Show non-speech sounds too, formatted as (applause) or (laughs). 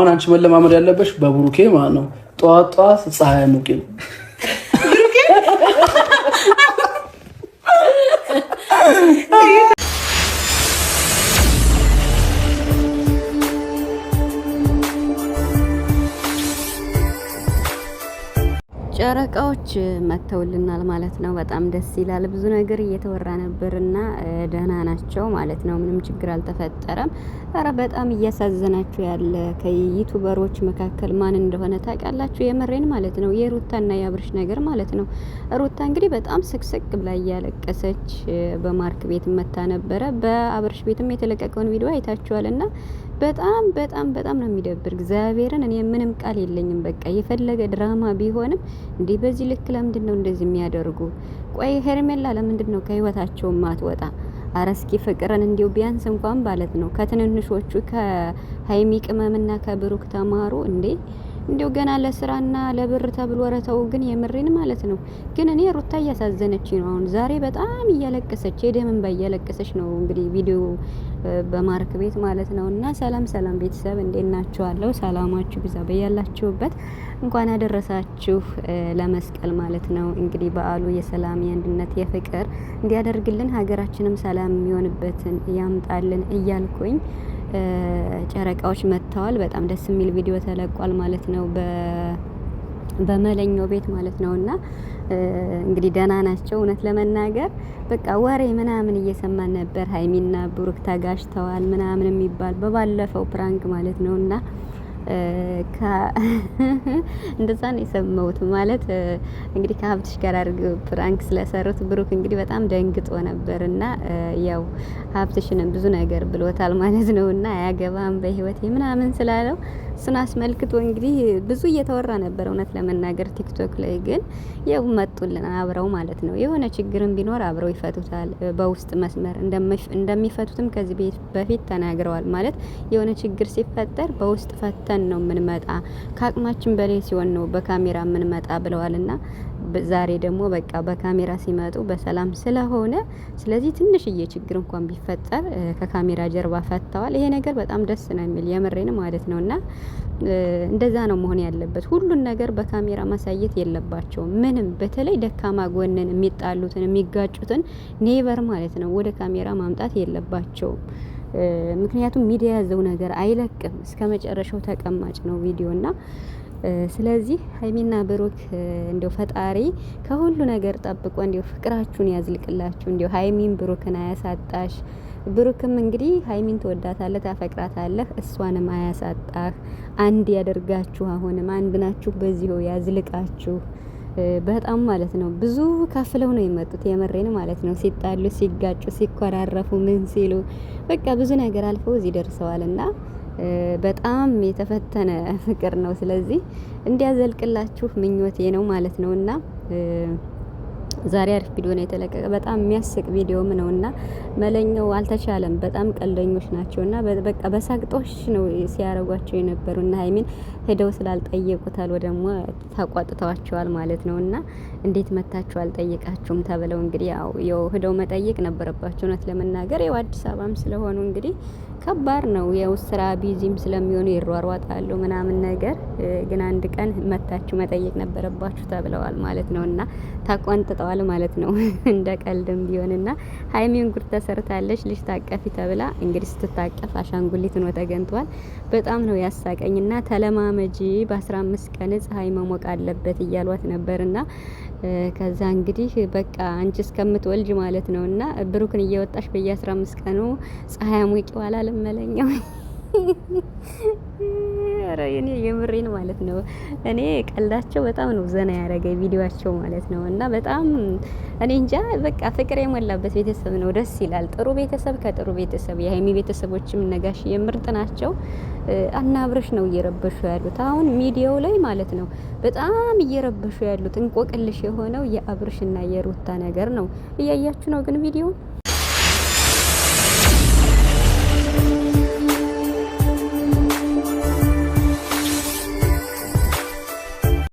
አሁን አንቺ መለማመድ ያለበሽ በብሩኬ ማለት ነው። ጠዋት ጠዋት ፀሐይ ሙቂ ነው ጨረቃዎች መጥተውልናል ማለት ነው። በጣም ደስ ይላል። ብዙ ነገር እየተወራ ነበርና ደህና ናቸው ማለት ነው። ምንም ችግር አልተፈጠረም። ኧረ በጣም እያሳዘናችሁ ያለ ከዩቱበሮች መካከል ማን እንደሆነ ታውቃላችሁ? የመሬን ማለት ነው። የሩታና የአብርሽ ነገር ማለት ነው። ሩታ እንግዲህ በጣም ስቅስቅ ብላ እያለቀሰች በማርክ ቤት መታ ነበረ። በአብርሽ ቤትም የተለቀቀውን ቪዲዮ አይታችኋልና በጣም በጣም በጣም ነው የሚደብር። እግዚአብሔርን እኔ ምንም ቃል የለኝም። በቃ የፈለገ ድራማ ቢሆንም እንዲህ በዚህ ልክ ለምንድን ነው እንደዚህ የሚያደርጉ? ቆይ ሄርሜላ ለምንድን ነው ከህይወታቸው ማትወጣ? አረ እስኪ ፍቅርን እንዲው ቢያንስ እንኳን ማለት ነው ከትንንሾቹ ከሀይሚ ቅመምና ከብሩክ ተማሩ እንዴ እንዲሁ ገና ለስራና ለብር ተብሎ ረተው ግን የምሬን ማለት ነው። ግን እኔ ሩታ እያሳዘነች ነው አሁን ዛሬ በጣም እያለቀሰች የደም እንባ እያለቀሰች ነው። እንግዲህ ቪዲዮ በማርክ ቤት ማለት ነው። እና ሰላም ሰላም ቤተሰብ እንዴት ናችኋለሁ? ሰላማችሁ ብዛ በያላችሁበት። እንኳን አደረሳችሁ ለመስቀል ማለት ነው። እንግዲህ በዓሉ የሰላም የአንድነት የፍቅር እንዲያደርግልን ሀገራችንም ሰላም የሚሆንበትን ያምጣልን እያልኩኝ ጨረቃዎች መጥተዋል። በጣም ደስ የሚል ቪዲዮ ተለቋል ማለት ነው በመለኛው ቤት ማለት ነው እና እንግዲህ ደህና ናቸው። እውነት ለመናገር በቃ ወሬ ምናምን እየሰማን ነበር። ሀይሚና ብሩክ ተጋጅተዋል ምናምን የሚባል በባለፈው ፕራንክ ማለት ነው እና (laughs) እንደዛ ነው የሰማሁት። ማለት እንግዲህ ከሀብትሽ ጋር አድርገው ፕራንክ ስለሰሩት ብሩክ እንግዲህ በጣም ደንግጦ ነበር እና ያው ሀብትሽንም ብዙ ነገር ብሎታል ማለት ነው እና አያገባም በህይወት ምናምን ስላለው እሱን አስመልክቶ እንግዲህ ብዙ እየተወራ ነበር እውነት ለመናገር ቲክቶክ ላይ ግን ያው መጡልን አብረው ማለት ነው። የሆነ ችግርም ቢኖር አብረው ይፈቱታል በውስጥ መስመር እንደሚፈቱትም ከዚህ በፊት ተናግረዋል። ማለት የሆነ ችግር ሲፈጠር በውስጥ ፈተን ችለን ነው የምንመጣ፣ ከአቅማችን በላይ ሲሆን ነው በካሜራ የምንመጣ ብለዋልና ዛሬ ደግሞ በቃ በካሜራ ሲመጡ በሰላም ስለሆነ፣ ስለዚህ ትንሽዬ ችግር እንኳን ቢፈጠር ከካሜራ ጀርባ ፈተዋል። ይሄ ነገር በጣም ደስ ነው የሚል የምሬን ማለት ነው። እና እንደዛ ነው መሆን ያለበት። ሁሉን ነገር በካሜራ ማሳየት የለባቸውም። ምንም በተለይ ደካማ ጎንን የሚጣሉትን የሚጋጩትን ኔቨር ማለት ነው ወደ ካሜራ ማምጣት የለባቸውም። ምክንያቱም ሚዲያ ያዘው ነገር አይለቅም። እስከ መጨረሻው ተቀማጭ ነው ቪዲዮ እና ስለዚህ ሀይሚና ብሩክ እንዲያው ፈጣሪ ከሁሉ ነገር ጠብቆ እንዲያው ፍቅራችሁን ያዝልቅላችሁ። እንዲያው ሀይሚን ብሩክን አያሳጣሽ። ብሩክም እንግዲህ ሀይሚን ትወዳታለህ፣ ታፈቅራታለህ። እሷንም አያሳጣህ። አንድ ያደርጋችሁ። አሁንም አንድ ናችሁ። በዚሁ ያዝልቃችሁ። በጣም ማለት ነው ብዙ ከፍለው ነው የመጡት። የመሬን ማለት ነው ሲጣሉ፣ ሲጋጩ፣ ሲኮራረፉ ምን ሲሉ በቃ ብዙ ነገር አልፈው እዚህ ደርሰዋልና በጣም የተፈተነ ፍቅር ነው። ስለዚህ እንዲያዘልቅላችሁ ምኞቴ ነው ማለት ነውና ዛሬ አሪፍ ቪዲዮ ነው የተለቀቀ። በጣም የሚያስቅ ቪዲዮም ነው እና መለኛው አልተቻለም። በጣም ቀልደኞች ናቸው እና በቃ በሳቅጦሽ ነው ሲያረጓቸው የነበሩ እና ሀይሚን ሄደው ስላልጠየቁታል ወደሞ ተቋጥተዋቸዋል ማለት ነው እና እንዴት መታችሁ አልጠየቃችሁም ተብለው እንግዲህ ያው ሄደው መጠየቅ ነበረባቸው። እውነት ለመናገር ያው አዲስ አበባም ስለሆኑ እንግዲህ ከባድ ነው። ያው ስራ ቢዚም ስለሚሆኑ ይሯሯጣሉ ምናምን ነገር ግን አንድ ቀን መታችሁ መጠየቅ ነበረባችሁ ተብለዋል ማለት ነው እና ታቋንጥጠዋል ማለት ነው (laughs) እንደ ቀልድም ቢሆንና ሀይሚን ጉድ ተሰርታለች። ልጅ ታቀፊ ተብላ እንግዲህ ስትታቀፍ አሻንጉሊት ነው ተገንቷል። በጣም ነው ያሳቀኝና ተለማመጂ በአስራ አምስት ቀን ፀሐይ መሞቅ አለበት እያሏት ነበርና ከዛ እንግዲህ በቃ አንቺ እስከምትወልጅ ማለት ነው እና ብሩክን እየወጣሽ በየ አስራ አምስት ቀኑ ፀሐይ አሞቂው አላለም መለኛው (laughs) ኧረ እኔ የምሬን ማለት ነው። እኔ ቀልዳቸው በጣም ነው ዘና ያደረገ ቪዲዮቸው ማለት ነው። እና በጣም እኔ እንጃ በቃ ፍቅር የሞላበት ቤተሰብ ነው። ደስ ይላል። ጥሩ ቤተሰብ ከጥሩ ቤተሰብ የሀይሚ ቤተሰቦችም ነጋሽ የምርጥ ናቸው። አናብረሽ ነው እየረበሹ ያሉት አሁን ሚዲያው ላይ ማለት ነው። በጣም እየረበሹ ያሉት እንቆቅልሽ የሆነው የአብርሽና የሩታ ነገር ነው። እያያችሁ ነው ግን ቪዲዮ